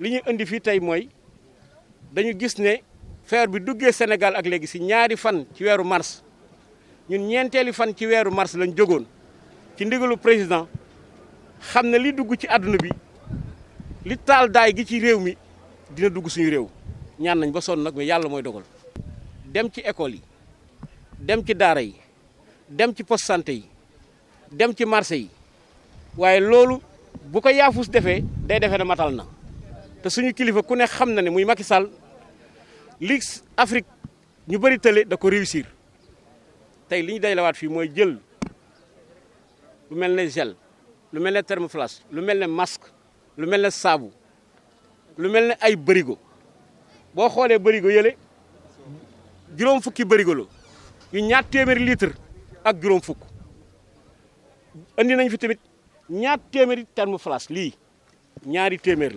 li ñu indi fii tey mooy dañu gis ne feer bi duggee Sénégal ak léegi si ñaari fan ci weeru mars ñun ñeenteeli fan ci weeru mars lañ jógoon ci ndigalu président xam ne li dugg ci àdduna bi li taal daay gi ci réew mi dina dugg suñu réew ñaan nañ ba sonn nag yàlla mooy dogal dem ci école yi dem ci daara yi dem ci poste santé yi dem ci marché yi waaye loolu bu ko yaafus defee day defe ne matal na te suñu kilifa ku ne xam na ne muy Macky Sall Ligue Afrique ñu bëri tële da ko réussir tey li ñu dajalewaat fii mooy jël lu mel ne gel lu mel ne thermoflash lu mel ne masque lu mel ne saabu lu mel ne ay bërigo boo xoolee bërigo yële juróom fukki bërigo yu ñaar téeméeri litre ak juróom fukk andi nañ fi tamit ñaar téeméeri thermoflash lii ñaari téeméer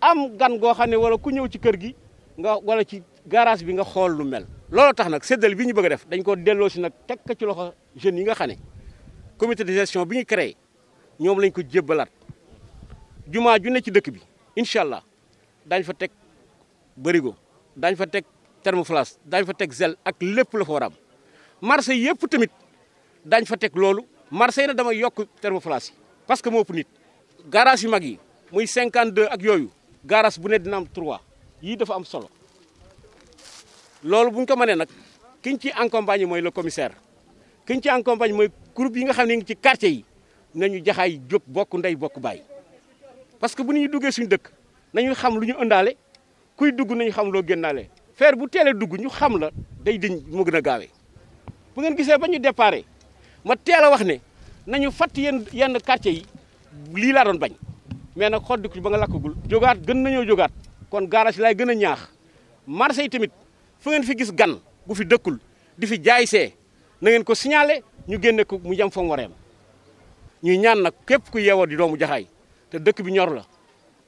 am gan goo xam ne wala ku ñëw ci kër gi nga wala ci garage bi nga xool lu mel. loolu tax nag séddale bi ñu bëgg def dañ ko delloo si nag teg ko ci loxo jeunes yi nga xam ne comité de gestion bi ñu créé ñoom lañ ko jébbalaat jumaa ju ne ci dëkk bi incha allah daañu fa teg bërigo daañu fa teg thermoflash daañu fa teg zel ak lépp la fa war a marché yëpp tamit daañu fa teg loolu marché yi nag dama yokk thermoflash yi parce que moo ëpp nit garage yu mag yi muy 52 ak yooyu. Garas bu ne dina am 3 yi dafa am solo lolou buñ ko nak? nak kiñ ci accompagne moy le commissaire kiñ ci accompagne moy groupe yi nga xamni ci quartier yi nañu jaxay jóg bokku ndey bokku bay parce que bu ñu duggee suñu dëkk nañu xam luñu ëndalé kuy dugg nañu xam lo gënalé feer bu télé dugg ñu xam la day diñ mo gëna a bu ngeen gisé bañu déparé ma téla wax né nañu fat yeen yeen quartier yi li la doon bañ mais nag xoddiku ci ba nga lakkagul jógaat gën na nañoo jógaat kon gaara si laay gën a ñaax marché yi tamit fu ngeen fi gis gan gu fi dëkkul di fi jaay see na ngeen ko signalé ñu génne ko mu jëm fa mu wareem ñuy ñaan nag képp ku yeewoo di doomu jaxaay te dëkk bi ñor la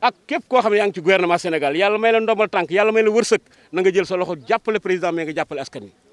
ak képp koo xam ne yaa ngi ci gouvernement Sénégal yàlla may la ndombal tànk yàlla may la wërsëg na nga jël sa loxo jàppale président mais nga jàppale askan wi